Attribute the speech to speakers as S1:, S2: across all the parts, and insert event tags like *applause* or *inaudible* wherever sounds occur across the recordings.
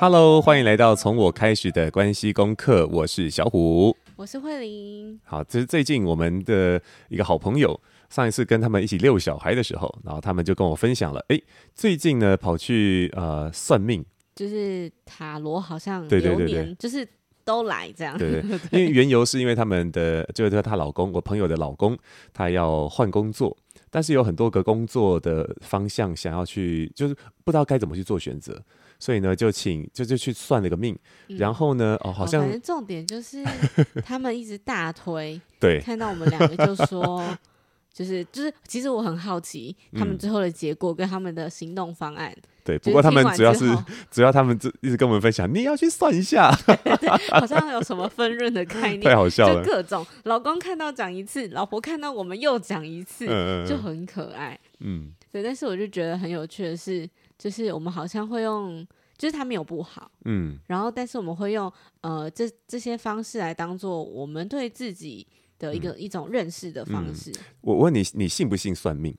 S1: Hello，歡迎來到從我開始的關係功課。我是小虎，
S2: 我是慧玲。
S1: 好，這是最近我們的一個好朋友。上一次跟他們一起遛小孩的時候，然後他們就跟我分享了，哎、欸，最近呢跑去呃算命，
S2: 就是塔羅，好像對對對，對就是都來這樣。對對，對，因為緣
S1: 由是因為他們的就是她老公，我朋友的老公，他要換工作，但是有很多個工作的方向想要去，就是不知道該怎麼去做選擇。所以呢，就請就就去算了個命、嗯，然後呢，哦，好像好反
S2: 正重點就是 *laughs* 他們一直大推，對，看到我們兩個就說， *laughs* 就是就是，其實我很好奇、嗯、他們最後的結果跟他們的行動方案。對，就是、不過他們主要是
S1: 主要他們一直跟我們分享， *laughs* 你要去算一下， *laughs*
S2: *laughs* 好像有什麼分潤的概念，太好笑了，就各種老公看到講一次，老婆看到我們又講一次，嗯嗯嗯，就很可愛，嗯，對，但是我就覺得很有趣的是。就是我們好像會用，就是他沒有不好，嗯，然後但是我們會用呃這這些方式來當做我們對自己的一個、嗯、一種認識的方式、嗯。
S1: 我問你，你信不信算命？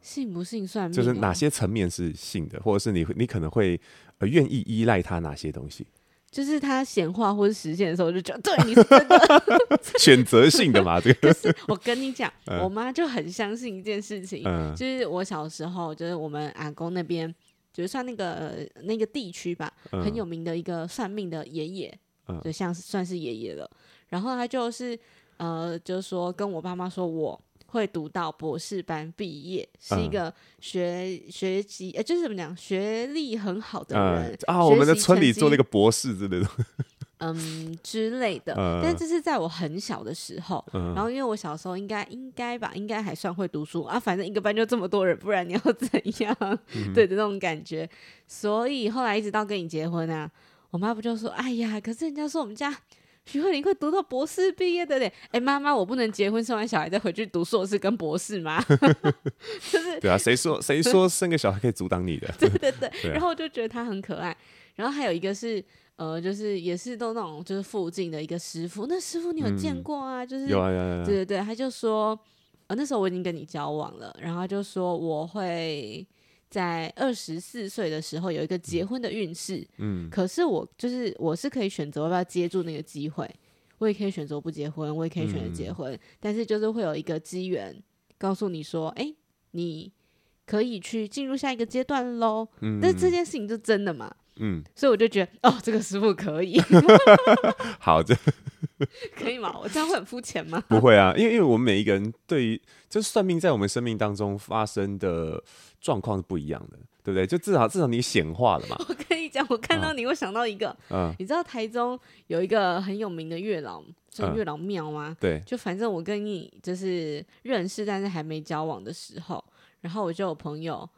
S2: 信不信算命哦？就是哪
S1: 些層面是信的，或者是你你可能會呃願意依賴他哪些東西？
S2: 就是他顯化或者實現的時候，我就覺得對你是真
S1: 的 *laughs* 選擇性的嘛，這個。 *laughs* 我
S2: 跟你講，嗯、我媽就很相信一件事情，嗯、就是我小時候，就是我們阿公那邊，就是算那個、呃、那個地區吧，很有名的一個算命的爺爺，嗯、就像算是爺爺了。然後他就是呃，就是說跟我爸媽說我。會讀到博士班畢業，是一個學、嗯、學，學籍、欸，就是怎麼講，學歷很好的人、嗯、啊，啊。我們在村裡做那個
S1: 博士之類的，嗯
S2: 之類的、嗯。但這是在我很小的時候，嗯、然後因為我小時候應該應該吧，應該還算會讀書啊。反正一個班就這麼多人，不然你要怎樣？嗯、 *laughs* 對的那種感覺。所以後來一直到跟你結婚啊，我媽不就說，哎呀，可是人家說我們家。徐慧玲會讀到博士畢業的嘞！哎、欸，媽媽，我不能結婚，生完小孩再回去讀碩士跟博士嗎？呵呵呵 *laughs* 就是對啊，誰說誰說
S1: 生個小孩可以阻擋你的？對對對， *laughs* 對、啊，然
S2: 後就覺得他很可愛。然後還有一個是呃，就是也是都那種就是附近的一個師傅，那師傅你有見過啊？嗯、就是有啊有啊，對對對，他就說，呃，那時候我已經跟你交往了，然後他就說我會。在二十四歲的時候有一個結婚的運勢、嗯，可是我就是我是可以選擇要不要接住那個機會，我也可以選擇不結婚，我也可以選擇結婚、嗯，但是就是會有一個機緣告訴你說，哎、欸，你可以去進入下一個階段嘍、嗯，但是這件事情就真的嗎？嗯，所以我就覺得，哦，這個師傅可以。 *laughs* *laughs* 好，這可以嗎？我這樣會很膚淺嗎？ *laughs* 不會
S1: 啊，因為因為我們每一個人對於就是算命在我們生命當中發生的狀況是不一樣的，對不對？就至少至少你顯化了嘛。我
S2: 跟你講，我看到你會、哦、想到一個、嗯，你知道台中有一個很有名的月老，叫、這個、月老廟嗎、嗯？對，就反正我跟你就是認識，但是還沒交往的時候，然後我就有朋友。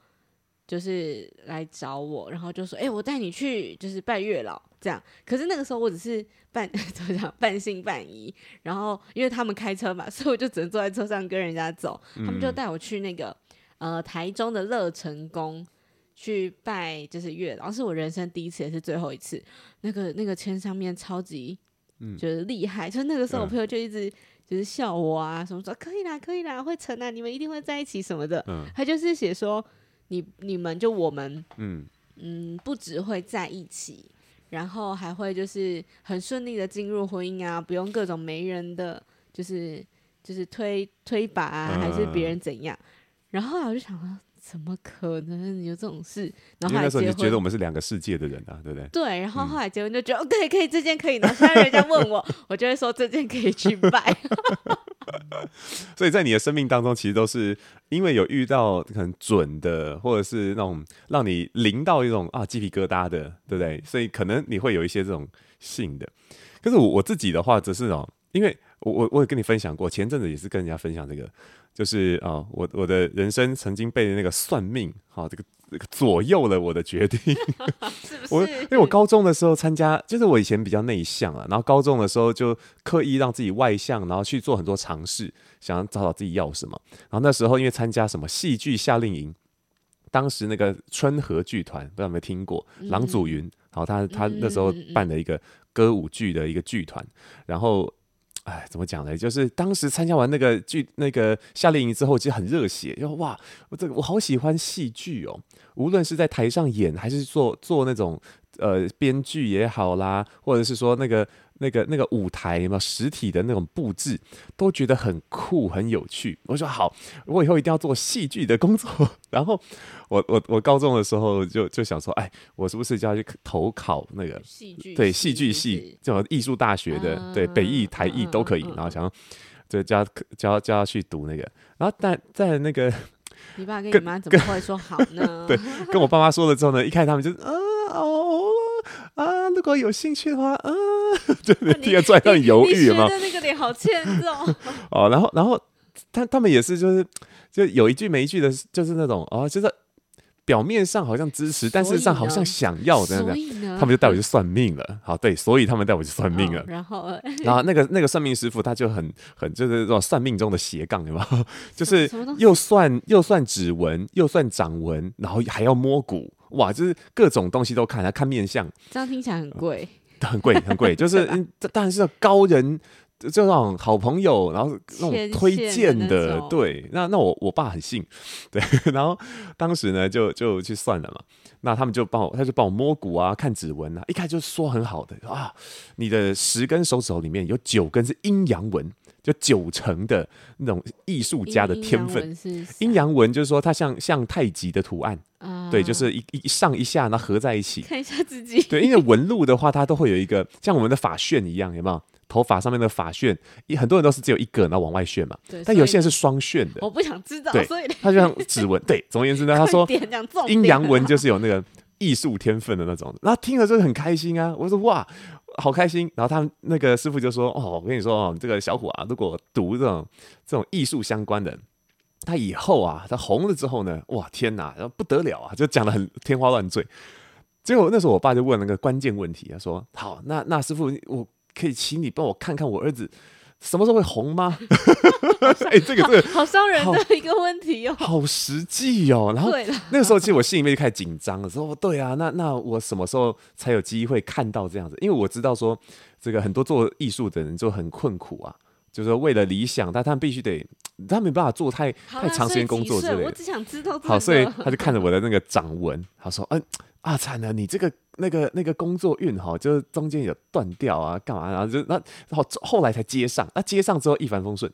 S2: 就是來找我，然後就說：“哎、欸，我帶你去，就是拜月老這樣。”可是那個時候我只是半，怎麼講，半信半疑。然後因為他們開車嘛，所以我就只能坐在車上跟人家走。嗯、他們就帶我去那個呃台中的樂成宮去拜，就是月老，是我人生第一次也是最後一次。那個那個籤上面超級就是厲害，嗯、就是那個時候我朋友就一直就是笑我啊，嗯、什麼說可以啦，可以啦，會成啊，你們一定會在一起什麼的。嗯、他就是寫說。你你們就我們，嗯嗯，不只會在一起，然後還會就是很順利的進入婚姻啊，不用各種媒人的，就是，就是就是推推把啊，嗯、還是別人怎樣？然後我就想說，怎麼可能有這種事？然後，後來那時候就覺得我們是兩個
S1: 世界的人啊，對不對？
S2: 對。然後後來結婚就覺得，哦、嗯、可以、OK, 可以這件可以拿。後來人家問我， *laughs* 我就會說這件可以去拜。 *laughs*
S1: *laughs* 所以在你的生命當中，其實都是因為有遇到很準的，或者是那種讓你淋到一種啊雞皮疙瘩的，對不對？所以可能你會有一些這種性的，可是我，我自己的話，只是哦、喔，因為。我我我也跟你分享過，前陣子也是跟人家分享這個，就是啊、哦，我我的人生曾經被那個算命，哈、哦，這個這個左右了我的決定， *laughs* 是不是？我，因為我高中的時候參加，就是我以前比較內向啊，然後高中的時候就刻意讓自己外向，然後去做很多嘗試，想要找找自己要什麼。然後那時候因為參加什麼戲劇夏令營，當時那個春和劇團不知道有沒有聽過，郎祖筠，好他他那時候辦了一個歌舞劇的一個劇團，然後。哎，怎麼講呢？就是當時參加完那個劇、那個夏令營之後，其實很熱血，就哇，我這個我好喜歡戲劇哦，無論是在台上演，還是做做那種呃編劇也好啦，或者是說那個。那個那個舞台有沒有實體的那種佈置，都覺得很酷很有趣。我說好，我以後一定要做戲劇的工作。然後我我我高中的時候就就想說，哎，我是不是就要去投考那個戲劇？對，戲劇系，就藝術大學的，啊、對，北藝、台藝都可以。嗯、然後想就教教他去讀那個。然後但在那個，你
S2: 爸跟你媽怎麼會說好呢？ *laughs* 對，跟
S1: 我爸媽說了之後呢，一看他們就啊哦。啊，如果有興趣的話，啊，就，不 *laughs* 對？你要轉到猶豫嘛？那個臉
S2: 好欠
S1: 揍。哦， *laughs* 然後，然後，他他們也是，就是，就有一句沒一句的，就是那種啊、哦，就是表面上好像支持，但事實上好像想要的這樣子。他們就帶我去算命了。好，對，所以他們帶我去算命了。然後，
S3: 然後， *laughs* 然後那個
S1: 那個算命師傅他就很很就是這種算命中的斜槓對吧？就是又算又算指紋，又算掌紋，然後還要摸骨。哇，就是各種東西都看，還看面相，
S2: 這樣聽起來很貴，
S1: 呃，很貴，很貴。就是 *laughs* 當然是高人，就那種好朋友，然後那種推薦的，的，對。那那我我爸很信，對。然後當時呢，就就去算了嘛。那他們就幫我，他就幫我摸骨啊，看指紋啊，一開始就說很好的啊，你的十根手指頭裡面有九根是陰陽紋。就九成的那種藝術家的天分。陰陽紋是啥？陰陽紋就是說它像像太極的圖案。啊，對，就是一一上一下，然後合在一起。看一
S3: 下自己，對，因為
S1: 紋路的話，它都會有一個像我們的髮旋一樣，有沒有？頭髮上面的髮旋，很多人都是只有一個，然後往外旋嘛。對，但有些人是雙旋的。我
S3: 不想知道，對。他就像
S1: 指紋，對，總而言之呢，他說陰陽紋就是有那個藝術天分的那種，那聽了就是很開心啊！我說哇。好開心，然後他那個師傅就說：“哦，我跟你說你這個小虎啊，如果讀這種這種藝術相關的，他以後啊，他紅了之後呢，哇，天哪，不得了啊！”就講得很天花亂墜。結果那時候我爸就問了個關鍵問題啊，他說：“好，那那師傅，我可以請你幫我看看我兒子？”什麼時候會紅嗎？哎、 *laughs* 欸，這個是好傷、這個、人的
S2: 一個問題喲、哦，好
S1: 實際哦，然後對了那個時候，其實我心裡面就開始緊張了，說對啊，那那我什麼時候才有機會看到這樣子？因為我知道說，這個很多做藝術的人就很困苦啊，就是說為了理想，但他們必須得，他們沒辦法做太太長時間工作之類的。我只
S2: 想知道、這個。好，所以他就看着
S1: 我的那個掌紋， *laughs* 他說，嗯。啊慘了！你這個那個那個工作運哈，就是中間有斷掉啊，幹嘛然後就那後後來才接上，那接上之後一帆風順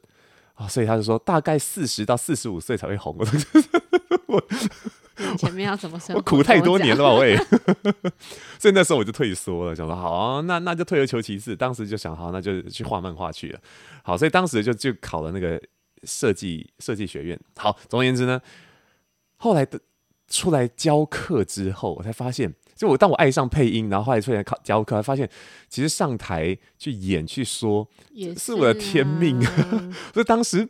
S1: 啊，所以他就說大概四十到四十五歲才會紅。我，我
S2: 前面要怎麼說？我苦太多年了吧我呵
S1: 呵。所以那時候我就退縮了， *laughs* 想說好那那就退而求其次，當時就想好那就去畫漫畫去了。好，所以當時就就考了那個設計設計學院。好，總而言之呢，後來的。出來教課之後，我才發現，就我當我愛上配音，然後後來出來教教課，才發現其實上台去演去說也是、啊、是我的天命， *laughs* 所以當時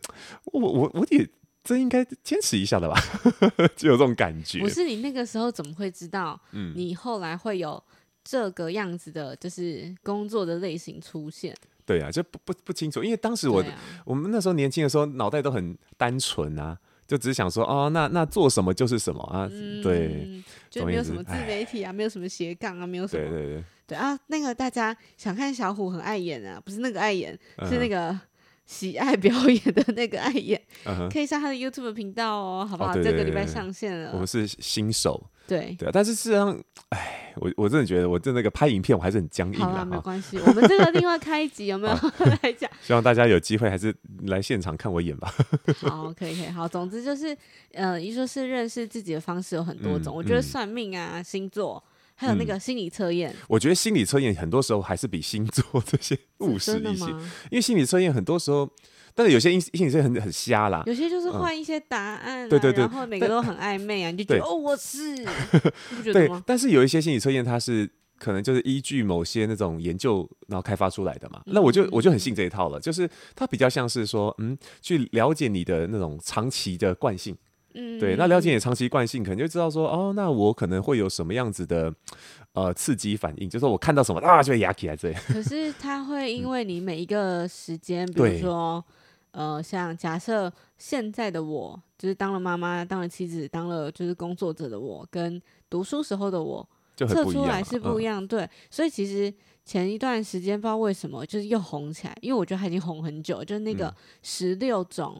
S1: 我我我也真應該堅持一下的吧， *laughs* 就有這種感覺。不是
S2: 你那個時候怎麼會知道？嗯，你後來會有這個樣子的，就是工作的類型出現。嗯、
S1: 對啊，就不不不清楚，因為當時我、啊、我們那時候年輕的時候，腦袋都很單純啊。就只是想說哦，那那做什麼就是什麼啊、嗯？對，就沒有什麼自媒
S2: 體啊，沒有什麼斜槓啊，沒有什麼。對對對對啊，那個大家想看小虎很愛演啊，不是那個愛演、嗯，是那個。喜愛表演的那個愛演，Uh-huh. 可以上他的 YouTube 頻道哦，好不好、oh, 對對對對？這個禮拜上線了。我
S1: 們是新手，對對啊，但是事實上，哎，我我真的覺得我在那個拍影片，我還是很僵硬的、啊。沒
S2: 關係，我們這個另外開一集有沒有來講？
S1: 希望大家有機會還是來現場看我演吧。
S2: 好，可以可以，好，總之就是，呃，一說是認識自己的方式有很多種，嗯、我覺得算命啊，嗯、星座。還有那個心理測驗、
S1: 嗯，我覺得心理測驗很多時候還是比星座這些務實一些，因為心理測驗很多時候，但是有些心心理測驗很很瞎啦，有些就是換一
S2: 些答案、嗯，對對對，然後每個都很曖昧啊，嗯、對對對，你就覺得哦，我是 *laughs* 不覺得，對。但是
S1: 有一些心理測驗，它是可能就是依據某些那種研究，然後開發出來的嘛。嗯嗯嗯，那我就我就很信這一套了，就是它比較像是說，嗯，去了解你的那種長期的慣性。
S2: 嗯，對，那了
S1: 解也長期慣性，可能就知道說，哦，那我可能會有什麼樣子的，呃，刺激反應，就是說我看到什麼，啊，就會壓起來這。這裡
S2: 可是他會因為你每一個時間，嗯、比如說，呃，像假設現在的我，就是當了媽媽、當了妻子、當了就是工作者的我，跟讀書時候的我，測、啊、出來是不一樣、嗯。對，所以其實前一段時間不知道為什麼就是又紅起來，因為我覺得他已經紅很久，就是那個十六種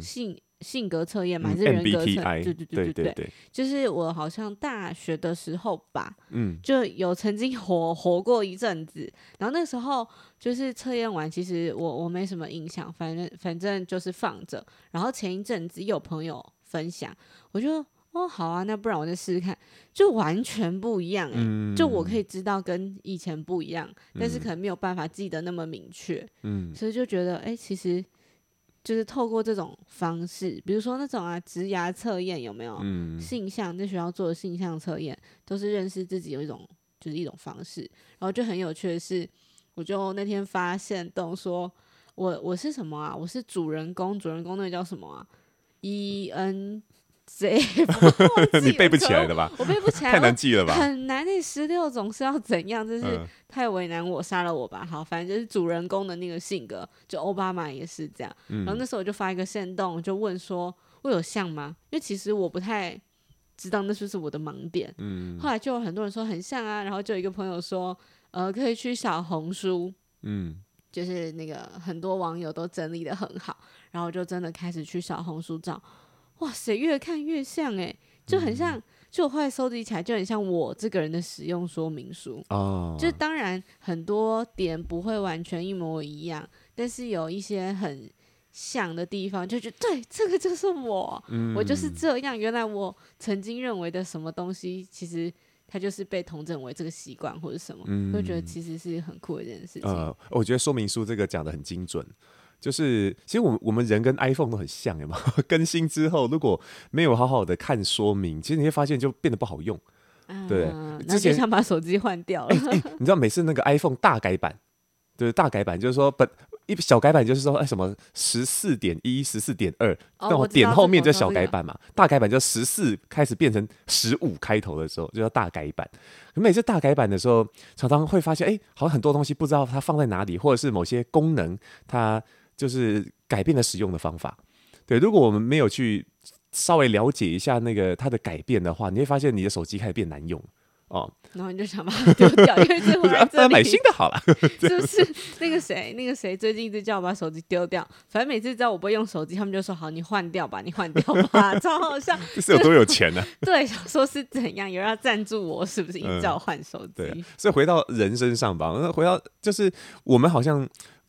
S2: 性。嗯嗯性格測驗嘛，還是人格測驗？對對對對對，就是我好像大學的時候吧，嗯，就有曾經活，活過一陣子，然後那時候就是測驗完，其實我我沒什麼印象，反正反正就是放着，然後前一陣子有朋友分享，我就哦好啊，那不然我再試試看，就完全不一樣哎、欸嗯，就我可以知道跟以前不一樣，但是可能沒有辦法記得那麼明確，
S3: 嗯，所
S2: 以就覺得哎、欸、其實。就是透過這種方式，比如說那種啊，職涯測驗有沒有？嗯，性向在學校做的性向測驗，都是認識自己有一種，就是一種方式。然後就很有趣的是，我就那天發現，都說我我是什麼啊？我是主人公，主人公那個叫什麼啊？E N。賊 *laughs* 記了， *laughs* 你背不起來的吧？我背不起來， *laughs* 太難記了吧？很難，那十六種是要怎樣？真是太為難我，殺了我吧、嗯！好，反正就是主人公的那個性格，就奧巴馬也是這樣、嗯。然後那時候我就發一個限動，就問說我有像嗎？因為其實我不太知道那是不是我的盲點、嗯。後來就有很多人說很像啊。然後就有一個朋友說，呃，可以去小紅書，嗯，就是那個很多網友都整理得很好。然後就真的開始去小紅書找。哇塞，越看越像誒、欸，就很像。就我後來收集起來，就很像我這個人的使用說明書。
S3: 哦，就
S2: 當然很多點不會完全一模一樣，但是有一些很像的地方，就覺得對，這個就是我、嗯，我就是這樣。原來我曾經認為的什麼東西，其實它就是被統整為這個習慣或者什麼、嗯，會覺得其實是很酷的一件事情、呃。
S1: 我覺得說明書這個講得很精準。就是，其實我們我們人跟 iPhone 都很像，有沒有？更新之後，如果沒有好好的看說明，其實你會發現就變得不好用，
S2: 對、啊、不對？那就想把手機換掉、欸
S1: 欸、你知道每次那個 iPhone 大改版，對， *laughs* 大改版就是說本一小改版就是說哎、欸、什麼十四點一、十四點二，那我點後面就小改版嘛，啊、大改版就十四開始變成十五開頭的時候就叫大改版。每次大改版的時候，常常會發現哎、欸，好像很多東西不知道它放在哪裡，或者是某些功能它。就是改變了使用的方法，對。如果我們沒有去稍微了解一下那個它的改變的話，你會發現你的手機開始變難用哦。然
S2: 後你就想把它丟掉， *laughs* 因為這回來這、就是啊、買新的好了。 *laughs* 是不是那個誰那個誰最近一直叫我把手機丟掉？反正每次叫我不會用手機，他們就說：“好，你換掉吧，你換掉吧。 *laughs* ”超好笑 *laughs* *laughs* 是有多有錢呢、啊？對，想說是怎樣有人要贊助我，是不是？一、嗯、叫我換手機。
S1: 對，所以回到人身上吧，回到就是我們好像。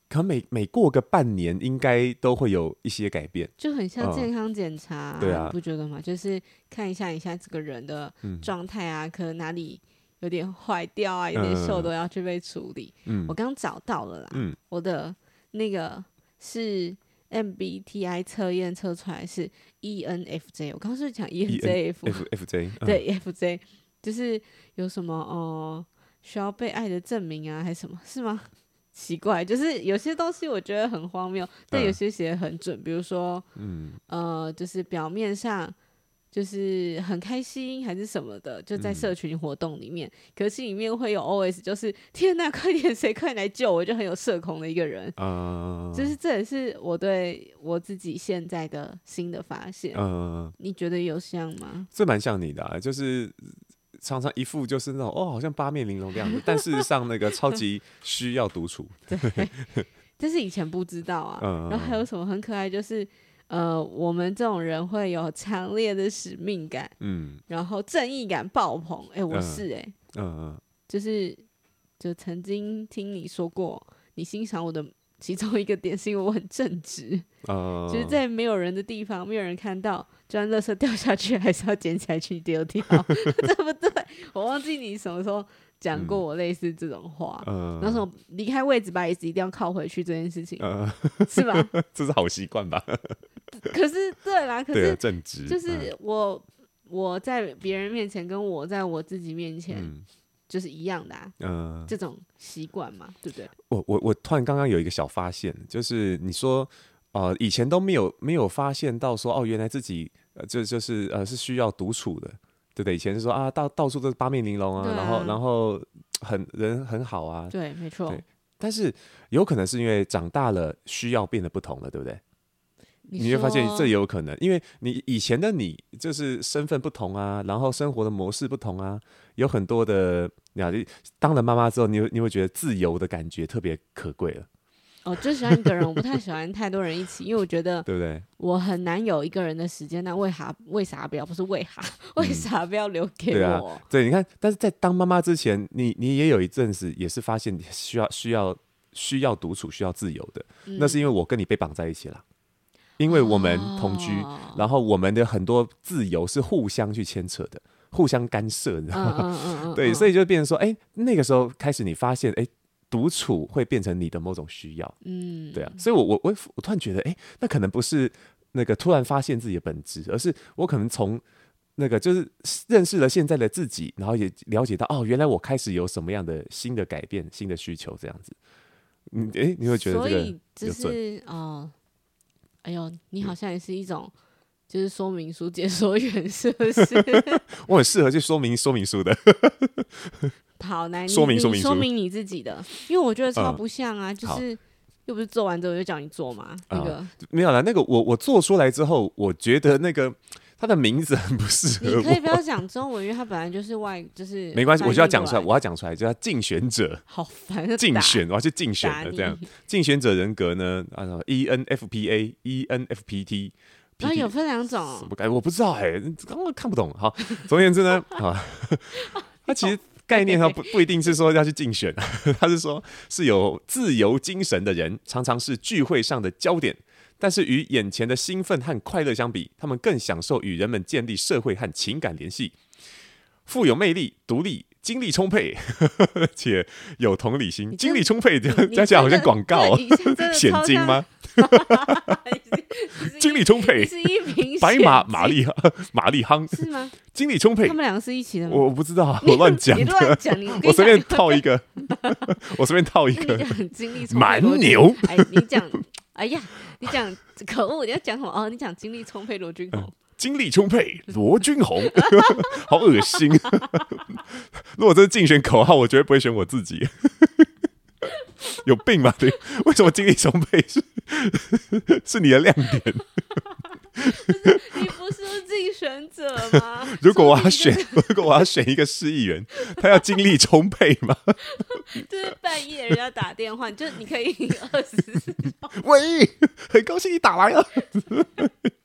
S1: 可每每過個半年，應該都會有一些改變，就很像健康檢查，啊，嗯、啊你不
S2: 覺得嗎？就是看一下你現在這個人的狀態啊、嗯，可能哪裡有點壞掉啊，嗯、有點銹都要去被處理。嗯、我剛剛找到了啦、嗯，我的那個是 MBTI 測驗測出來是 ENFJ，我剛剛是講 ENFJ，FJ、E 嗯、對 FJ，就是有什麼哦、呃，需要被愛的證明啊，還是什麼？是嗎？奇怪，就是有些東西我覺得很荒謬，但有些寫得很準、呃。比如說，嗯呃，就是表面上就是很開心還是什麼的，就在社群活動裡面，可、嗯、是裡面會有 OS，就是天哪，快點，誰快來救我！就很有社恐的一個人、
S3: 呃。就是
S2: 這也是我對我自己現在的新的發現。嗯、呃，你覺得有像嗎？
S1: 這蠻像你的、啊，就是。常常一副就是那種哦，好像八面玲瓏的樣子，但事實上那個超級需要獨處。 *laughs* 對，
S2: 但、 *laughs* 欸、是以前不知道啊、嗯。然後還有什麼很可愛？就是呃，我們這種人會有強烈的使命感。嗯。然後正義感爆棚。哎、欸，我是哎、欸。嗯嗯。就是，就曾經聽你說過，你欣賞我的其中一個點，是因為我很正直。
S3: 哦、嗯。就是在
S2: 沒有人的地方，沒有人看到。就算垃圾掉下去，還是要撿起來去丟掉， *laughs* *laughs* 對不對？我忘記你什麼時候講過我類似這種話。嗯，然後離開位置吧，椅子一定要靠回去這件事情，嗯、是吧？
S1: 這是好習慣吧？
S2: 可是對啦，可是就是我我在別人面前跟我在我自己面前就是一樣的、啊嗯，
S1: 嗯，這種
S2: 習慣嘛，對不對？
S1: 我我我突然剛剛有一個小發現，就是你說。哦、呃，以前都沒有沒有發現到說哦，原來自己、呃、就就是呃是需要獨處的，對不對？以前是說啊，到到處都是八面玲瓏啊，啊然後然後很人很好啊，對，沒錯。但是有可能是因為長大了，需要變得不同了，對不對？你，
S2: 你會發現這也
S1: 有可能，因為你以前的你就是身份不同啊，然後生活的模式不同啊，有很多的。那當了媽媽之後你會，你你會覺得自由的感覺特別可貴了。
S2: 我、哦、最喜歡一個人， *laughs* 我不太喜歡太多人一起，因為我覺得，對不對？我很難有一個人的時間。對對，那為啥？為啥不要？不是為啥、嗯？為啥不要留給我？對啊，
S1: 對，你看，但是在當媽媽之前，你你也有一陣子也是發現你需要需要需要獨處、需要自由的、嗯。那是因為我跟你被綁在一起了，因為我們同居、哦，然後我們的很多自由是互相去牽扯的、互相干涉的、嗯嗯嗯。對、嗯，所以就變成說，哎，那個時候開始，你發現，哎。獨處會變成你的某種需要，嗯，對啊，所以我我我突然覺得，哎、欸，那可能不是那個突然發現自己的本質，而是我可能從那個就是認識了現在的自己，然後也了解到，哦，原來我開始有什麼樣的新的改變、新的需求，這樣子。嗯，哎、欸，你會覺得這個，所以就是哦、
S2: 呃，哎呦，你好像也是一種、嗯、就是說明書解說員，是
S1: 不是？ *laughs* 我很適合去說明說明書的。 *laughs* 好，來說明說明，說明
S2: 你自己的。因為我覺得超不像啊，嗯、就是又不是做完之後我就叫你做嘛。那
S1: 個、嗯、沒有啦，那個我我做出來之後，我覺得那個他的名字很不適合。可以不要
S2: 講中文，因為他本來就是外，就是沒關係，我就要講出來，
S1: 我要講出來，就叫競選者。好
S2: 煩，競選，我
S1: 要去競選的這樣。競選者人格呢，按照 E N F P A E N F P T，
S2: 然後有分兩種，
S1: 哎，我不知道哎、欸，剛剛看不懂。好，總而言之呢， *laughs* 好，
S2: *laughs* 啊、你好 *laughs* 他其實。Okay, okay. 概念上不
S1: 不一定是說要去競選， *laughs* 他是說是有自由精神的人常常是聚會上的焦點。但是與眼前的興奮和快樂相比，他們更享受與人們建立社會和情感聯繫。富有魅力、獨立、精力充沛， *laughs* 且有同理心。精力充沛，這這個、加起來好像廣告， *laughs* 蜆精嗎？哈， *laughs* 精力充沛，
S2: 是一名白馬馬力
S1: 哈馬力夯，是嗎？精力充沛，他們
S2: 兩個是一起的嗎？我不
S1: 知道，我亂講，你亂講，我隨便套一個， *laughs* 我隨便套一個。精力蠻牛，
S2: 哎，你講，哎呀，你講可惡，你要講什麼？哦，你講精力充沛羅君紅、
S1: 嗯，精力充沛羅君紅， *laughs* *laughs* 好噁噁心。 *laughs* 如果真的競選口號，我絕對不會選我自己。 *laughs* 有病嗎？對，為什麼精力充沛是？ *laughs* 是你的亮點。 *laughs* 不你不是競選
S2: 者嗎？ *laughs* 如果我要選， *laughs* 如果
S1: 我要選一個市議員，他要精力充沛嗎？ *laughs*
S2: *laughs* 就是半夜人家打電話，就你可以24小
S1: 時， *laughs* 喂，很高興你打來了。 *laughs*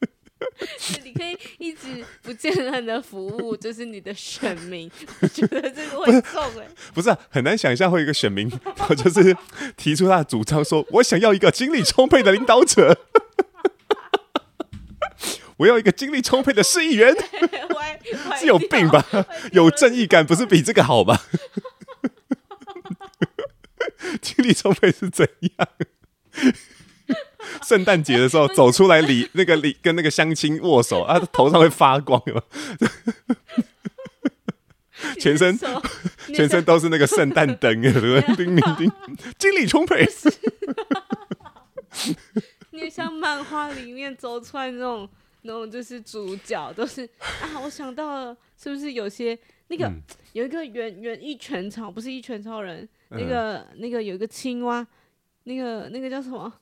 S2: 你可以一直不間斷的服務，就是你的選民。我覺得這個會重
S1: 哎，不是、啊、很難想象會有一個選民，我就是提出他的主張，說我想要一個精力充沛的領導者， *laughs* 我要一個精力充沛的市議員， *laughs* 是有病吧？有正義感不是比這個好吧？ *laughs* 精力充沛是怎樣？聖誕節的時候 *laughs* 走出來，禮那個禮跟那個相親握手啊，頭上會發光， *laughs* 全身全身都是那個聖誕燈，叮叮叮，精力充沛。
S2: 你像漫畫裡面走出來那種那種就是主角都是啊，我想到了，是不是有些那個、嗯、有一個圓圓一拳超，不是一拳超人，嗯、那個那個有一個青蛙，那個那個叫什麼？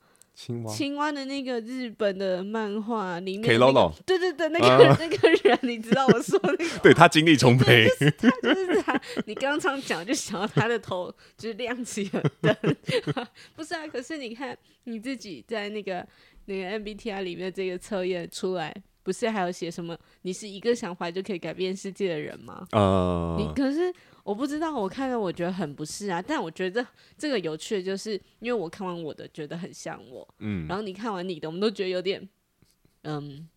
S2: 青蛙，青蛙的，那個日本的漫畫裡面，那個，對對對，那個、呃、那個人，你知道我說的那個，
S1: *laughs* 對他精力充沛，就
S2: 是他，就是、他 *laughs* 你剛剛講就想到他的頭就是亮起了燈， *laughs* 不是啊？可是你看你自己在那個那個 MBTI 裡面這個測驗出來。不是，還有寫什麼？你是一個想法就可以改變世界的人嗎？
S3: 呃、你可
S2: 是我不知道，我看了我覺得很不是啊。但我覺得這個有趣的就是，因為我看完我的覺得很像我，嗯。然後你看完你的，我們都覺得有點嗯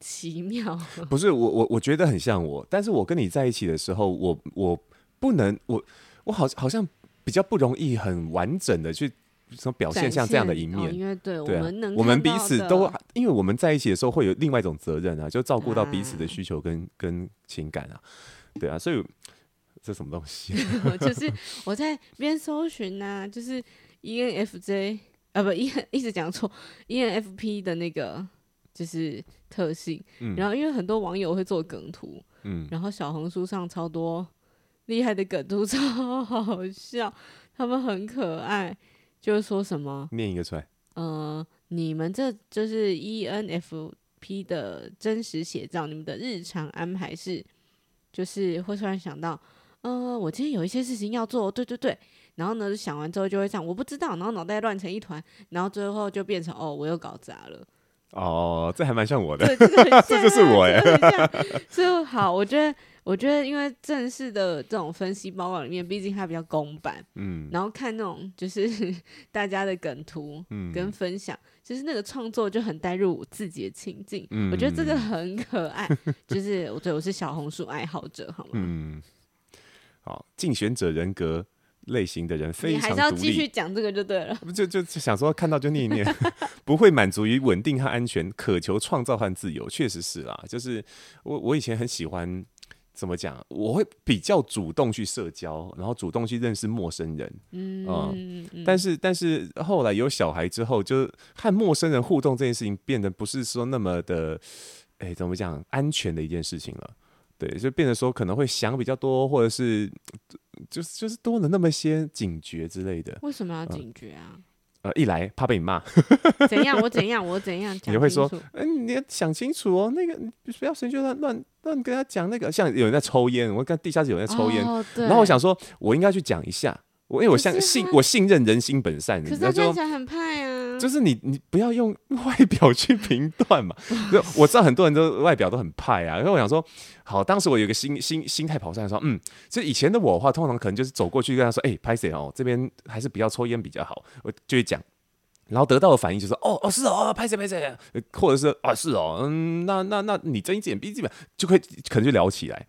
S2: 奇妙。不
S3: 是
S1: 我，我我覺得很像我，但是我跟你在一起的時候，我我不能，我我好好像比較不容易很完整的去。從表現像這樣的一面？哦、因為對,對、啊、我們能我們彼此都，因為我們在一起的時候會有另外一種責任啊，就照顧到彼此的需求跟、啊、跟情感啊，對啊，所以這什麼東西、啊？ *laughs* 就是
S2: 我在邊搜尋啊，就是 E N F J 啊不，不 E 一直講錯 E N F P 的那個就是特性、嗯，然後因為很多網友會做梗圖，嗯、然後小紅書上超多厲害的梗圖，超好笑，他們很可愛。就是說什麼？念一個出來。呃，你們這就是 ENFP 的真實寫照。你們的日常安排是，就是會突然想到，呃，我今天有一些事情要做，對對對。然後呢，想完之後就會這樣，我不知道，然後腦袋亂成一團，然後最後就變成哦，我又搞砸
S1: 了。哦，這還蠻像我的，對這個、 *laughs* 這就是我哎。就、
S2: 這個、好，我覺得。我覺得，因為正式的這種分析報告裡面，畢竟它比較公版，嗯，然後看那種就是大家的梗圖，嗯，跟分享，其、嗯、實、就是、那個創作就很帶入我自己的情境、嗯。我覺得這個很可愛， *laughs* 就是我覺得我是小紅書愛好者，好嗎？
S1: 嗯，好，競選者人格類型的人非常獨立，你還是要繼
S2: 續講這個就對
S1: 了。不就就想說看到就念一念， *laughs* *laughs* 不會滿足於穩定和安全，渴求創造和自由，確實是啦、啊。就是我我以前很喜歡。怎麼講？我會比較主動去社交，然後主動去認識陌生人。嗯，呃、嗯，但是但是後來有小孩之後，就和陌生人互動這件事情變得不是說那麼的，誒、欸，怎麼講，安全的一件事情了？對，就變得說可能會想比較多，或者是，就是就是多了那麼些警覺之類的。為什麼要警覺啊？呃呃，一來怕被你罵，
S2: *laughs* 怎樣？我怎樣？
S1: 我怎樣？ *laughs* 你會說，嗯、 *laughs* 欸，你要想清楚哦。那個，你不要隨便亂亂跟他講那個，像有人在抽煙，我跟地下室有人在抽煙、哦，然後我想說，我應該去講一下。因為我相信我信任人心本善，可是他看起來
S2: 很怕呀、啊。就
S1: 是你你不要用外表去評斷嘛。 *laughs* 就我知道很多人都外表都很怕呀、啊。因為我想說，好，當時我有個心心心態跑上來，說，嗯，就以以前的我的話，通常可能就是走過去跟他說，哎、欸，拍謝哦，這邊還是不要抽煙比較好，我就會講，然後得到的反應就說、是，哦哦是哦，拍謝拍謝，或者是哦、啊，是哦，嗯，那那那你睜一隻眼閉一隻眼，就可以可能就聊起來。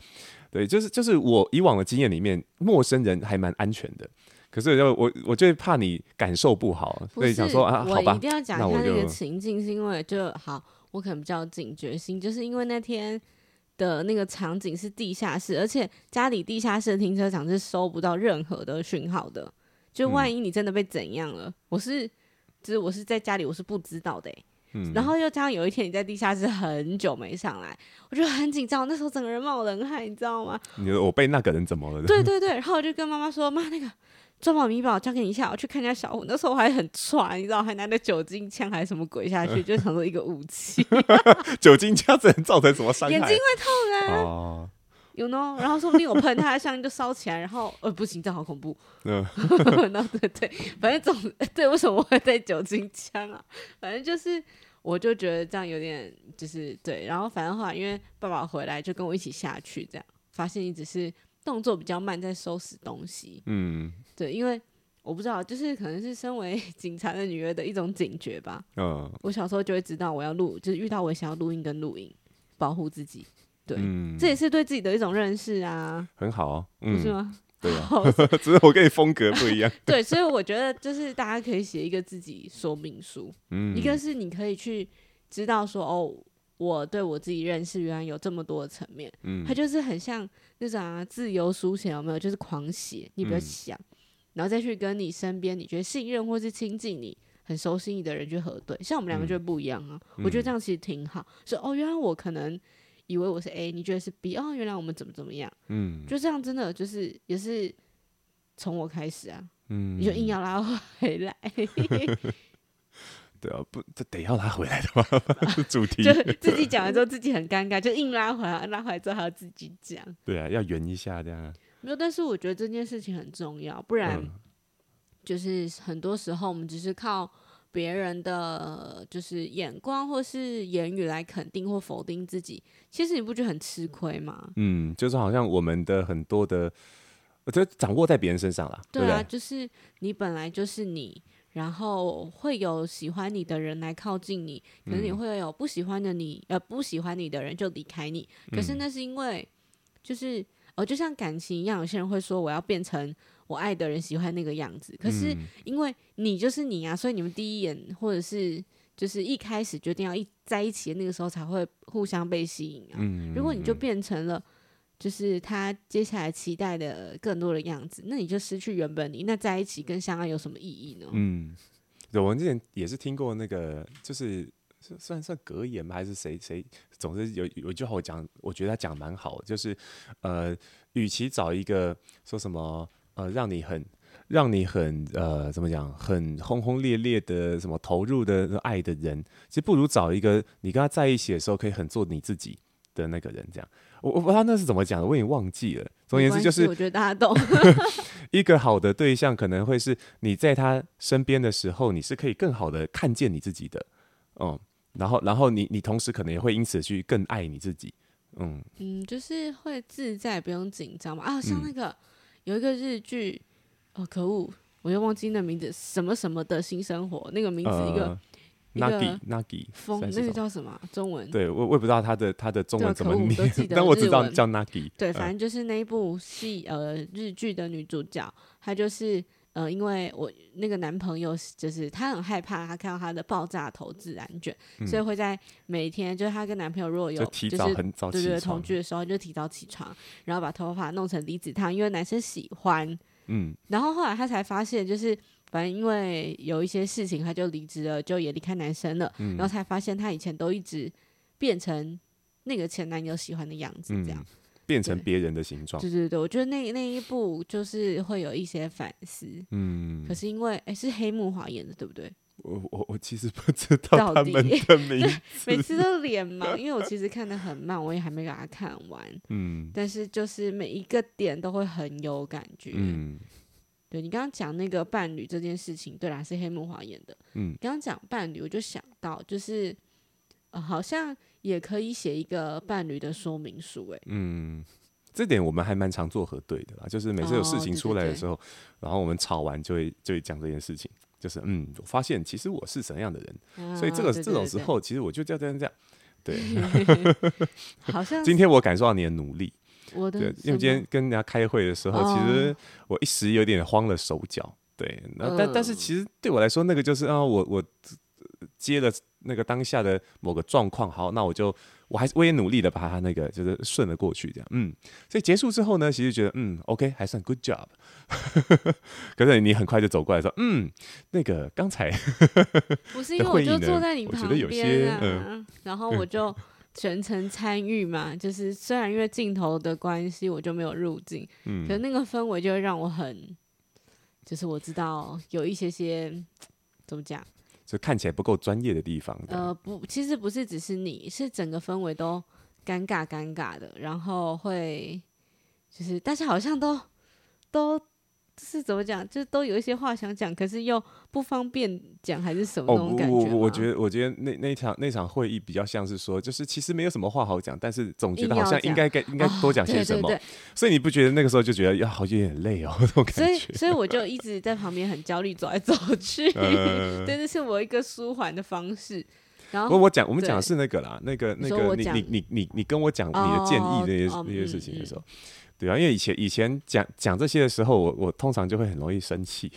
S1: 對，就是就是我以往的經驗裡面，陌生人還蠻安全的。可是我就我，我就怕你感受不好，不是，所以想說啊，好吧，我一定要講一下那個
S2: 情境，是因為就好，我可能比較警覺性，就是因為那天的那個場景是地下室，而且家裡地下室的停車場是收不到任何的訊號的，就萬一你真的被怎樣了，嗯、我是，就是我是在家裡，我是不知道的、欸。然後又加上有一天你在地下室很久沒上來，我就很緊張。那時候整個人冒冷汗，你知道嗎？
S1: 你說我被那個人怎麼了？對對
S2: 對，然後我就跟媽媽說：“媽，那個珠寶米寶交給你一下，我去看一下小五。”那時候我還很傳，你知道，還拿着酒精槍還是什麼鬼下去，呃、就想了一個武器。
S1: *laughs* *laughs* 酒精槍只能造成什麼傷害？眼睛會
S2: 痛啊。有呢。然後說不定我噴它， *laughs* 香煙就燒起來。然後呃，不行，這好恐怖。嗯、呃 *laughs* ，no, 對對，反正總對，為什麼我會帶酒精槍啊？反正就是。我就覺得這樣有點就是對，然後反正話，因為爸爸回來就跟我一起下去，這樣發現你只是動作比較慢在收拾東西。嗯，對，因為我不知道，就是可能是身為警察的女兒的一種警覺吧。嗯，我小時候就會知道我要錄，就是遇到我想要錄音跟錄音保護自己。對、嗯，這也是對自己的一種認識啊。很好、
S3: 哦，嗯，是嗎？對、啊， *laughs* 只是我跟你風格不一樣。
S2: *laughs* 對，所以我覺得就是大家可以寫一個自己說明書、嗯。一個是你可以去知道說，哦，我對我自己認識，原來有這麼多的層面。嗯，它就是很像那種啊，自由書寫有沒有？就是狂寫，你不要想、嗯，然後再去跟你身邊你覺得信任或是親近你、很熟悉你的人去核對。像我們兩個就不一樣啊、嗯，我覺得這樣其實挺好。嗯、所以哦，原來我可能。以為我是 A，你覺得是 B 哦？原來我們怎麼怎麼樣？嗯，就這樣，真的就是也是從我開始啊。嗯，你就硬要拉回來。 *laughs*
S1: *laughs* 對啊，不這得要拉回來的話。 *laughs* 主題就自己講完
S2: 之後，自己很尷尬， *laughs* 就硬拉回來，拉回來之後還要自己講。
S1: 對啊，要圓一下這樣。
S2: 沒有，但是我覺得這件事情很重要，不然就是很多時候我們只是靠。別人的就是眼光或是言語來肯定或否定自己，其實你不覺得很吃虧嗎？嗯，
S1: 就是好像我們的很多的，我覺得掌握在別人身上
S3: 了。對啊對對，就
S2: 是你本來就是你，然後會有喜歡你的人來靠近你，可能也會有不喜歡的你，嗯，呃，不喜歡你的人就離開你。可是那是因為，就是我、嗯哦，就像感情一樣，有些人會說我要變成。我愛的人喜歡那個樣子，可是因為你就是你啊，嗯、所以你們第一眼或者是就是一開始決定要一在一起的那個時候才會互相被吸引啊、嗯
S3: 嗯。如果你就
S2: 變成了就是他接下來期待的更多的樣子，嗯、那你就失去原本你，那在一起跟相愛有什麼意義呢？嗯，
S1: 對我之前也是聽過那個，就是算算格言還是誰誰，總之有有一句話我講，我覺得他講蠻好的，就是呃，與其找一個說什麼。呃，讓你很，讓你很，呃，怎麼講，很轟轟烈烈的，什麼投入的愛的人，其實不如找一個你跟他在一起的時候可以很做你自己的那個人。這樣，我我不知道那是怎麼講的，我已經忘記了。總而言之，就是我覺
S2: 得大家懂。 *laughs*
S1: *laughs* 一個好的對象，可能會是你在他身邊的時候，你是可以更好的看見你自己的，嗯，然後，然後你你同時可能也會因此去更愛你自己，
S2: 嗯嗯，就是會自在，不用緊張嘛啊，像那個。嗯有一個日劇，哦，可惡，我又忘記那名字，什麼什麼的新生活，那個名字一個，呃、一個 Nagi, Nagi，風，那個叫什麼中文？對
S1: 我我也不知道他的他的中文怎麼念，但我知道叫 Nagi。
S2: 對，反正就是那一部戲，呃，日劇的女主角，她就是。呃，因為我那個男朋友就是他很害怕，他看到他的爆炸頭自然捲，嗯、所以會在每天，就是他跟男朋友如果有就是就提早很早對對同居的時候，就提早起床，然後把頭髮弄成離子燙，因為男生喜歡、嗯。然後後來他才發現，就是反正因為有一些事情，他就離職了，就也離開男生了、嗯，然後才發現他以前都一直變成那個前男友喜歡的樣子，這樣。嗯
S1: 變成別人的形狀。對
S2: 對對，我覺得那那一部就是會有一些反思。嗯，可是因為哎、欸，是黑木華演的，對不對？
S1: 我我我其實不
S3: 知道他們的名字，到底 *laughs* 每
S2: 次都臉盲， *laughs* 因為我其實看得很慢，我也還沒把它看完。嗯，但是就是每一個點都會很有感覺。嗯，對你剛剛講那個伴侶這件事情，對啦，是黑木華演的。嗯，剛剛講伴侶，我就想到就是、呃、好像。也可以寫一個伴侶的說明書，哎，
S1: 嗯，這點我們還蠻常做核對的啦，就是每次有事情出來的時候，哦、對對對，然後我們吵完就會就會講這件事情，就是嗯，我發現其實我是什麼樣的人。哦，所以這個對對對對，這種時候，其實我就叫這樣講這樣，對，對對對對呵呵，好像今天我感受到你的努力，我的對，因為今天跟人家開會的時候。哦，其實我一時有點慌了手腳，對，那但、呃、但是其實對我來說，那個就是啊，我我，接了那個當下的某個狀況，好，那我就我還是我也努力的把它那個就是順了過去，這樣，嗯，所以結束之後呢，其實覺得嗯，OK，還算 good job。 *laughs* 可是你很快就走過來說，嗯，那個剛才 *laughs* 不是因為我就坐在你旁邊、啊嗯，然後我
S2: 就全程參與嘛、嗯，就是雖然因為鏡頭的關係我就沒有入鏡、嗯，可是那個氛圍就會讓我很，就是我知道有一些些怎麼講。
S1: 就看起來不夠專業的地方，呃，
S2: 不，其實不是，只是你是整個氛圍都尷尬尷尬的，然後會就是大家好像都都。是怎麼講？就是都有一些話想講，可是又不方便講，還是什麼、哦、那種感覺嗎？我我我覺
S1: 得，我覺得那那場那場會議比較像是說，就是其實沒有什麼話好講，但是總覺得好像應該該應該，應該多講些什麼、哦對對對。所以你不覺得那個時候就覺得呀、啊，好像有點累哦，那種感覺。所以
S2: 所以我就一直在旁邊很焦慮走來走去，這、嗯、 *laughs* 是我一個舒緩的方式。然後我我講我們講的是
S1: 那個啦，那個那個你你你你你，你跟我講你的建議那些、哦、那些那些事情的時候。嗯嗯對啊，因為以前以前講講這些的時候，我我通常就會很容易生氣。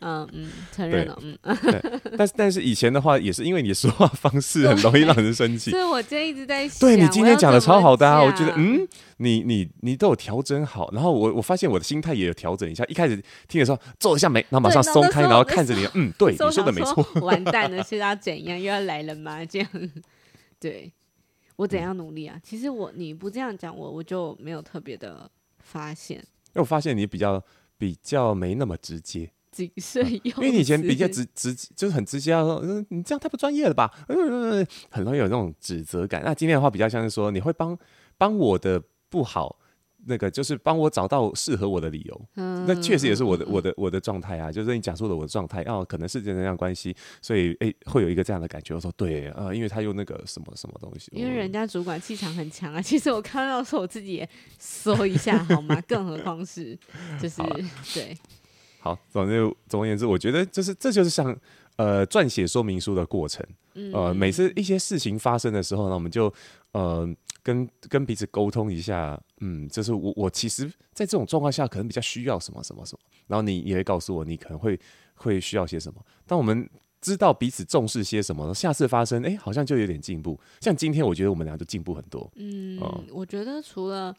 S2: 嗯嗯，承認了。對嗯、啊對，但是 *laughs* 但是
S1: 以前的話也是因為你說話方式很容易讓人生氣。所
S2: 以我今天一直在想，對，你今天講
S1: 的超好的啊，我，我覺得嗯，你你你都有調整好，然後我我發現我的心態也有調整一下。一開始聽的時候皺一下眉，然後馬上鬆開，然後看着你、就是，嗯，對，你說的沒錯。說，說
S2: 完蛋了， *laughs* 是要怎樣又要來了嗎？這樣，對，我怎樣努力啊？嗯、其實我你不這樣講我我就沒有特別的。發現，因
S1: 為我發現你比較比較沒那麼直接，
S2: 直嗯、因為你以前比較直
S1: 直，直，就是很直接，啊，說、嗯、你這樣太不專業了吧。嗯嗯嗯，很容易有那種指責感。那今天的話，比較像是說你會幫幫我的不好。那個就是幫我找到適合我的理由，
S3: 那、嗯、確實也是我的
S1: 我的我的狀態啊、嗯。就是你講述的我的狀態，哦，可能是這能量關係，所以哎、欸，會有一個這樣的感覺。我說對，呃，因為他用那個什麼什麼東西，因
S2: 為人家主管氣場很強啊。其實我看到的時候，我自己也搜一下 *laughs* 好嗎？更何況是，就是對，
S1: 好，總之總而言之，我覺得就是這就是像呃，撰寫說明書的過程嗯嗯。呃，每次一些事情發生的時候呢，我們就呃。跟跟彼此溝通一下，嗯，就是我我其實，在這種狀況下，可能比較需要什麼什麼什麼，然後你也會告訴我，你可能會會需要些什麼。當我們知道彼此重視些什麼，下次發生，哎、欸，好像就有點進步。像今天，我覺得我們倆就進步很多，
S2: 嗯。嗯，我覺得除了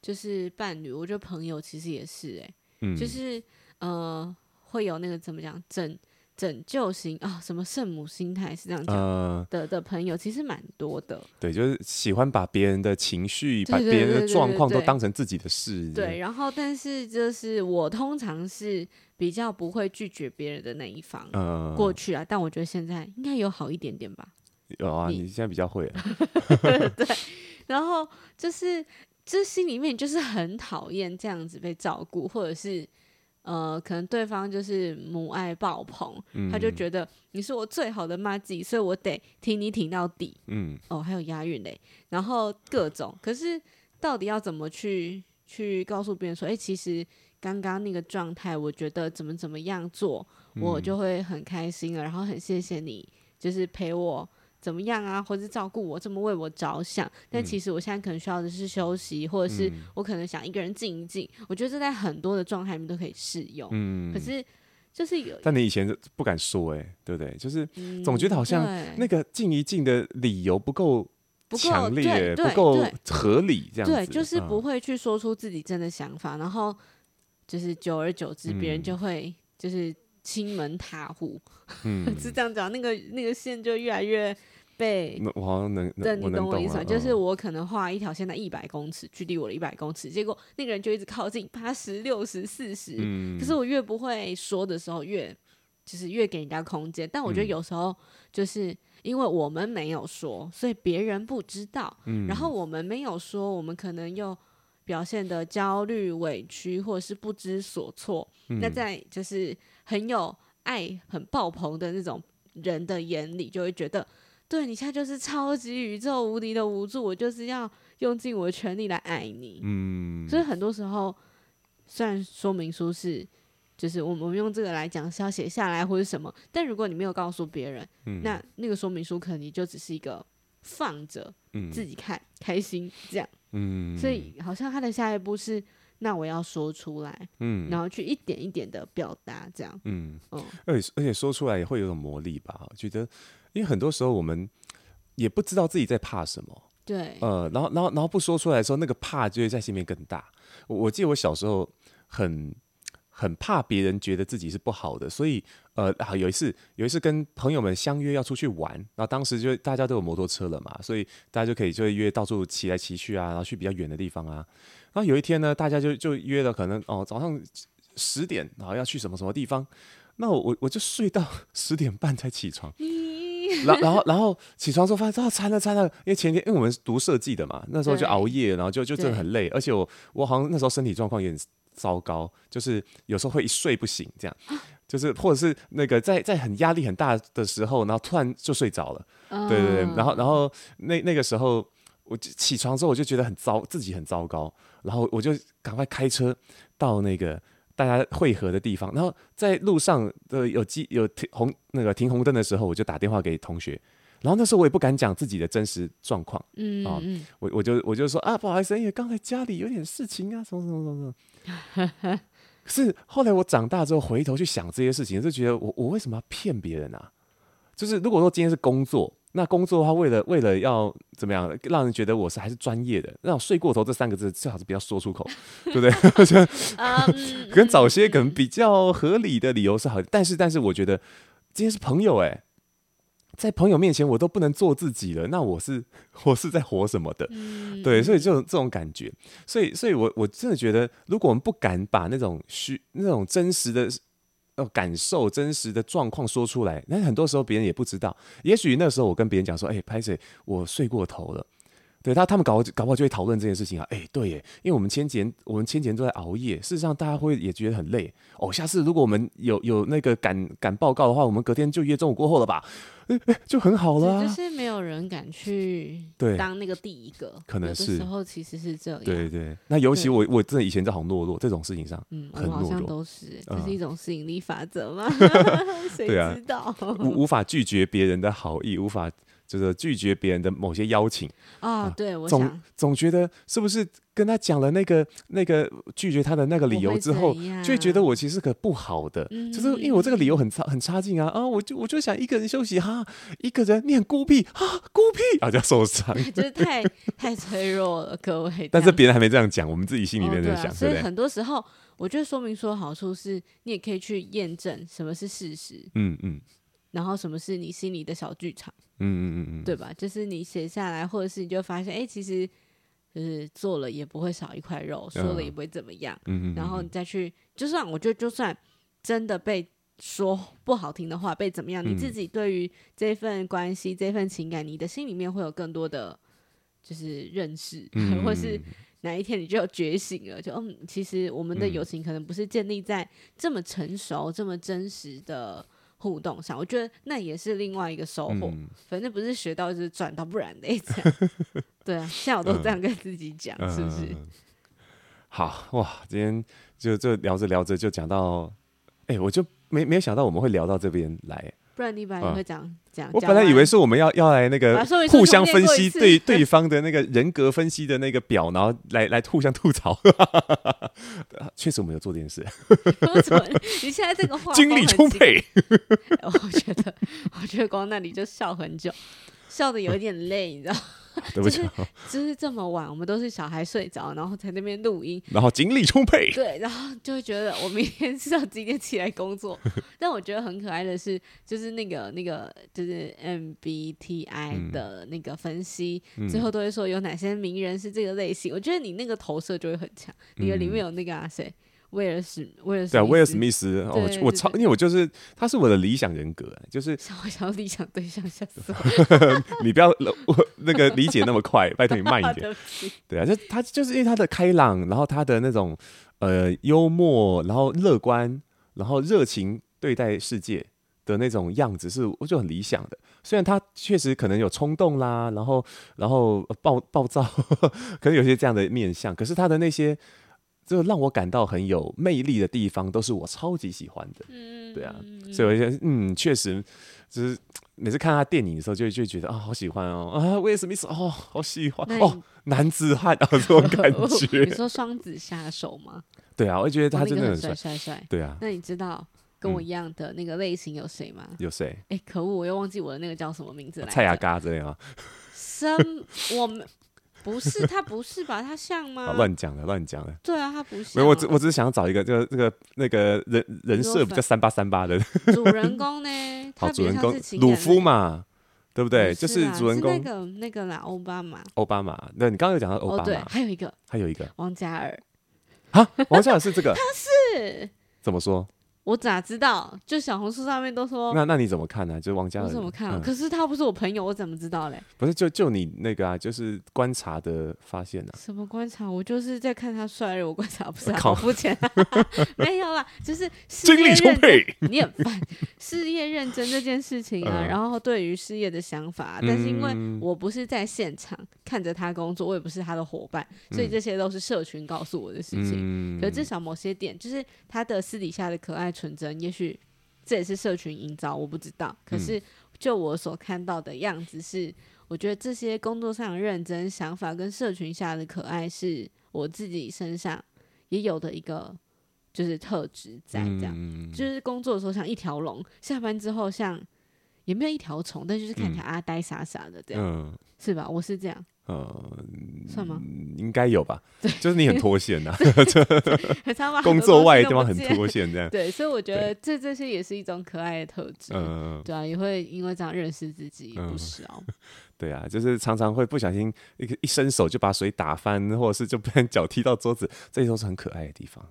S2: 就是伴侶，我覺得朋友其實也是、欸，哎、嗯，就是呃，會有那個怎麼講整。真拯救型啊、哦，什麼聖母心態是這樣講的、呃、的，的朋友，其實蠻多的。
S1: 對，就是喜歡把別人的情緒、把別人的狀況都當成自己的事，對
S2: 對對對對對是不是？對，然後但是就是我通常是比較不會拒絕別人的那一方過去啊，呃、但我覺得現在應該有好一點點吧。
S1: 有啊，你，你現在比較會、啊。 *laughs*
S2: 對，然後就是這心裡面就是很討厭這樣子被照顧，或者是。呃，可能對方就是母愛爆棚，他就覺得你是我最好的麻吉、嗯，所以我得挺你挺到底。
S3: 嗯，
S2: 哦，還有押韻嘞，然後各種。可是到底要怎麼去去告訴別人說，哎、欸，其實剛剛那個狀態，我覺得怎麼怎麼樣做、嗯，我就會很開心了，然後很謝謝你，就是陪我。怎麼樣啊？或者是照顧我，這麼為我着想。但其實我現在可能需要的是休息，嗯、或者是我可能想一個人靜一靜。我覺得這在很多的狀態裡面都可以適用、嗯。可是就是有，但
S1: 你以前不敢說、欸，哎，對不對？就是總覺得好像那個靜一靜的理由不夠，不夠強烈，對、對，不夠合理這樣子。對、對、對，這
S2: 樣子，就是不會去說出自己真的想法，嗯、然後就是久而久之，別人就會就是。親門踏戶，嗯、 *laughs* 是這樣講，那個那個線就越來越被，嗯、我好像能，能對，能你懂我意思嗎、啊？就是說、哦、我可能畫一條線在一百公尺，距離我的一百公尺，結果那個人就一直靠近，八十六十四十，可是我越不會說的時候越，越就是越給人家空間。但我覺得有時候就是因為我們沒有說，所以別人不知道、嗯，然後我們沒有說，我們可能又表現得焦慮、委屈或者是不知所措。嗯、那在就是。很有愛、很爆棚的那種人的眼裡，就會覺得，對，你現在就是超級宇宙無敵的無助，我就是要用盡我的全力來愛你。嗯。
S3: 所以很
S2: 多時候，雖然說明書是，就是我們用這個來講是要寫下來或者什麼，但如果你沒有告訴別人，嗯，那那個說明書可能你就只是一個放着自己看、嗯、開心，這樣。嗯。所以好像他的下一步是。那我要說出來，嗯，然後去一點一點的表達這樣，
S1: 嗯，而且、嗯、而且說出來也會有種魔力吧，我覺得，因為很多時候我們也不知道自己在怕什麼，對，呃，然後然後然後不說出來的時候，那個怕就會在心裡面更大。我，我記得我小時候很。很怕別人覺得自己是不好的，所以呃、啊，有一次有一次跟朋友們相約要出去玩，然後當時就大家都有摩托車了嘛，所以大家就可以就約到處騎來騎去啊，然後去比較遠的地方啊。然後有一天呢，大家就就約了可能哦、呃、早上十點，然後要去什麼什麼地方。那我我我就睡到十點半才起床，
S3: *laughs* 然後然後
S1: 然後起床之後發現哦，啊，慘了慘了，因為前天因為我們是讀設計的嘛，那時候就熬夜，然後就就真的很累，而且我我好像那時候身體狀況也很。糟糕，就是有時候會一睡不醒，這樣、啊，就是或者是那個在在很壓力很大的時候，然後突然就睡着了，啊、對，對對，然後然後那那個時候我就起床之後我就覺得很糟，自己很糟糕，然後我就趕快開車到那個大家匯合的地方，然後在路上的有機有，有停紅那個停紅燈的時候，我就打電話給同學。然後那時候我也不敢講自己的真實狀況、嗯，啊，我我就我就說啊，不好意思，因為剛才家裡有點事情啊，什麼什麼什麼什麼。 *laughs* 是後來我長大之後回頭去想這些事情，就覺得我我為什麼要騙別人呢、啊？就是如果說今天是工作，那工作的話，為了為了要怎麼樣，讓人覺得我是還是專業的，那“睡過頭”這三個字最好是不要說出口， *laughs* 對不對？我覺得可能早些可能比較合理的理由是好，但是但是我覺得今天是朋友、欸，哎。在朋友面前我都不能做自己了，那我是我是在活什麼的？嗯、對，所以這種這種感覺，所以所以我我真的覺得，如果我們不敢把那種虛、那種真實的呃感受、真實的狀況說出來，那很多時候別人也不知道。也許那時候我跟別人講說：“哎抱歉我睡過頭了。”對他，他們搞搞不好就會討論這件事情啊！哎、欸，對耶，因為我們前幾天，我們前幾天都在熬夜，事實上大家會也覺得很累哦。下次如果我們有有那個趕趕報告的話，我們隔天就約中午過後了吧？哎、欸、哎、欸，就很好
S2: 了、啊。就是沒有人敢去當那個第一個，可能是有時候其實是這樣。對
S1: 對，對，那尤其我我真的以前就好懦弱這種事情上，嗯，我好像都是、嗯、這是一
S2: 種吸引力法則嗎。 *laughs* *laughs* 誰知道？對啊，無無
S1: 法拒絕別人的好意，無法。就是拒絕別人的某些邀請、
S2: 哦、啊，對我總
S1: 總覺得是不是跟他講了那個那個拒絕他的那個理由之後，就覺得我其實可不好的、嗯，就是因為我這個理由很差很差勁啊啊！我就我就想一個人休息哈、啊，一個人你很
S2: 孤僻啊，孤僻，
S1: 啊，就受傷，就是太
S2: *laughs* 太脆弱了，各位。但是
S1: 別人還沒這樣講，我們自己心裡面在想、哦啊，所以很
S2: 多時候，我覺得說明書的好處是，你也可以去驗證什麼是事實。嗯嗯。然後，什麼是你心裡的小劇場，嗯
S3: 嗯嗯，對
S2: 吧？就是你寫下來，或者是你就發現，哎，其實就是做了也不會少一塊肉，說了也不會怎麼樣。嗯，然後你再去，就算我覺得，就算真的被說不好聽的話，被怎麼樣、嗯，你自己對於這份關係、這份情感，你的心裡面會有更多的就是認識，嗯、或者是哪一天你就有覺醒了，就嗯、哦，其實我們的友情可能不是建立在這麼成熟、嗯、這麼真實的。互動上，我覺得那也是另外一個收穫、嗯。反正不是學到就是賺到，不然的 *laughs* 對啊，像我都這樣跟自己講、嗯，是不是？嗯、
S1: 好哇，今天就就聊着聊着就講到，哎、欸，我就沒沒有想到我們會聊到這邊來。
S2: 不然你本來會講講、啊，我本來以為是
S1: 我們要要來那個互相分析對對方的那個人格分析的那個表，然後來來互相吐槽。確 *laughs* 實，我們有做這件事。你怎你現在這個話，精
S2: 力充沛！ *laughs* 我覺得，我覺得光那裡就笑很久。笑的有一點累，你知道、啊對不起啊、 *laughs* 就是就是這麼晚，我們都是小孩睡着，然後在那邊錄音，
S1: 然後精力充沛，
S2: 對，然後就會覺得我明天是要幾點起來工作。 *laughs* 但我覺得很可愛的是，就是那個那個就是 MBTI 的那個分析、嗯，最後都會說有哪些名人是這個類型。嗯、我覺得你那個投射就會很強、嗯，你的裡面有那個啊誰？威爾史威爾，對啊，威爾史密斯，我、哦、我超，因為我
S1: 就是他是我的理想人格，就是
S2: 我想要理想對象像，下 *laughs* 次
S1: *laughs* 你不要我那個理解那麼快， *laughs* 拜託你慢一點。 *laughs* 對啊，就他就是因為他的開朗，然後他的那種呃幽默，然後樂觀，然後熱情對待世界的那種樣子是我就很理想的。雖然他確實可能有衝動啦，然後然後暴暴躁呵呵，可能有些這樣的面向，可是他的那些。這個讓我感到很有魅力的地方，都是我超級喜歡的。嗯，對啊，所以我覺得，嗯，確實，就是每次看他電影的時候，就就覺得啊，好喜歡哦啊，威爾史密斯哦，哦，好喜歡哦，啊、哦歡哦男子漢啊、哦，這種感覺。哦、你說
S2: 雙子殺手嗎？
S1: 對啊，我就覺得他真、哦、的、那個、很帥帥帥。對啊，
S2: 那你知道跟我一樣的那個類型有誰嗎？有誰？哎、欸，可惡，我又忘記我的那個叫什麼名字了、啊。蔡雅
S1: 嘎之類啊。生我們？
S2: *laughs* 不是他，不是吧？他像嗎？亂
S1: 講的亂講的。對
S2: 啊，他不像沒。我只我
S1: 只是想要找一個，就這個那個人人設比較三八三八的 *laughs* 主人
S3: 公呢？
S2: 他好，主人公魯夫嘛，
S1: 對不對？不是就是主人公是那
S2: 個那個啦，歐巴馬。
S1: 歐巴馬，那你剛剛有講到歐巴馬、哦，還有一個，還有一個王嘉爾啊，王嘉爾是這個， *laughs* 他是怎麼說？
S2: 我咋知道？就小紅書上面都說。那
S1: 那你怎麼看呢、啊？就王嘉爾？我怎麼看、啊嗯？可是
S2: 他不是我朋友，我怎麼知道嘞？
S1: 不是，就就你那個啊，就是觀察的發現呢、啊？
S2: 什麼觀察？我就是在看他帥，我觀察不是好膚淺沒有啦，就是精力充沛。你很煩 *laughs* 事業認真這件事情啊。呃、然後對於事業的想法、嗯，但是因為我不是在現場看着他工作，我也不是他的伙伴，嗯、所以這些都是社群告訴我的事情。嗯、可是至少某些點，就是他的私底下的可愛。純真，也許這也是社群營造，我不知道。可是就我所看到的樣子是，嗯、我覺得這些工作上認真想法跟社群下的可愛，是我自己身上也有的一個就是特質在這樣、嗯，就是工作的時候像一條龍，下班之後像也沒有一條蟲，但就是看起來阿呆傻傻的這樣、嗯，是吧？我是這樣，
S1: 嗯，算嗎？應該有吧，就是你很脫線吶， *laughs* 工作外的地方很脫線這樣。對，
S2: 所以我覺得這這些也是一種可愛的特質。嗯，對啊，也會因為這樣認識自己，嗯，
S1: 對啊，就是常常會不小心一個一伸手就把水打翻，或者是就被人腳踢到桌子，這些都是很可愛的地方。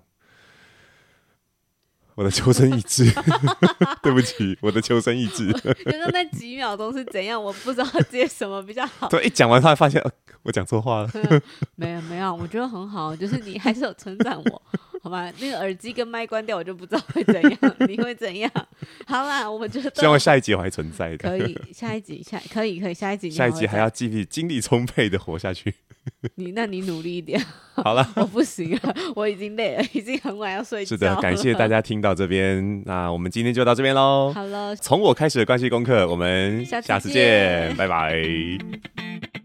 S1: 我的求生意志， *laughs* *laughs* 對不起，我的求生意志。覺 *laughs* 得
S2: 那幾秒鐘是怎樣，我不知道接什麼比較好。對，一
S1: 講完，他會發現，我講錯話了
S2: *laughs* 沒有沒有，我覺得很好，就是你還是有稱讚我，好吧？ *laughs* 那個耳機跟麥關掉，我就不知道會怎樣，你會怎樣？好了，我們就希望下
S1: 一集我還存在的，可以，可以
S2: 下一集下可以可以下一集，下一集還要
S1: 繼續精力充沛的活下去。
S2: *laughs* 你那你努力一點。 *laughs* 好了，我不行了，我已經累了，已經很晚要睡覺了。是的，感謝大家
S1: 聽到這邊，那我們今天就到這邊嘍。好了，從我開始的關係功課，我們下次見，下次見拜拜。